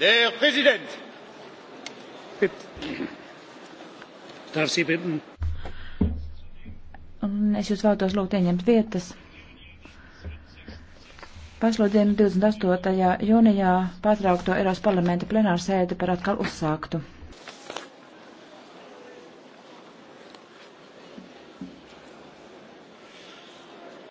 Der Präsident! Darf Sie bitten? Un es jūs vēlos lūgt ieņemt vietas. Pašlodienu 28. jūnijā pārtraukto Eiropas parlamenta plenārsēdi par atkal uzsāktu.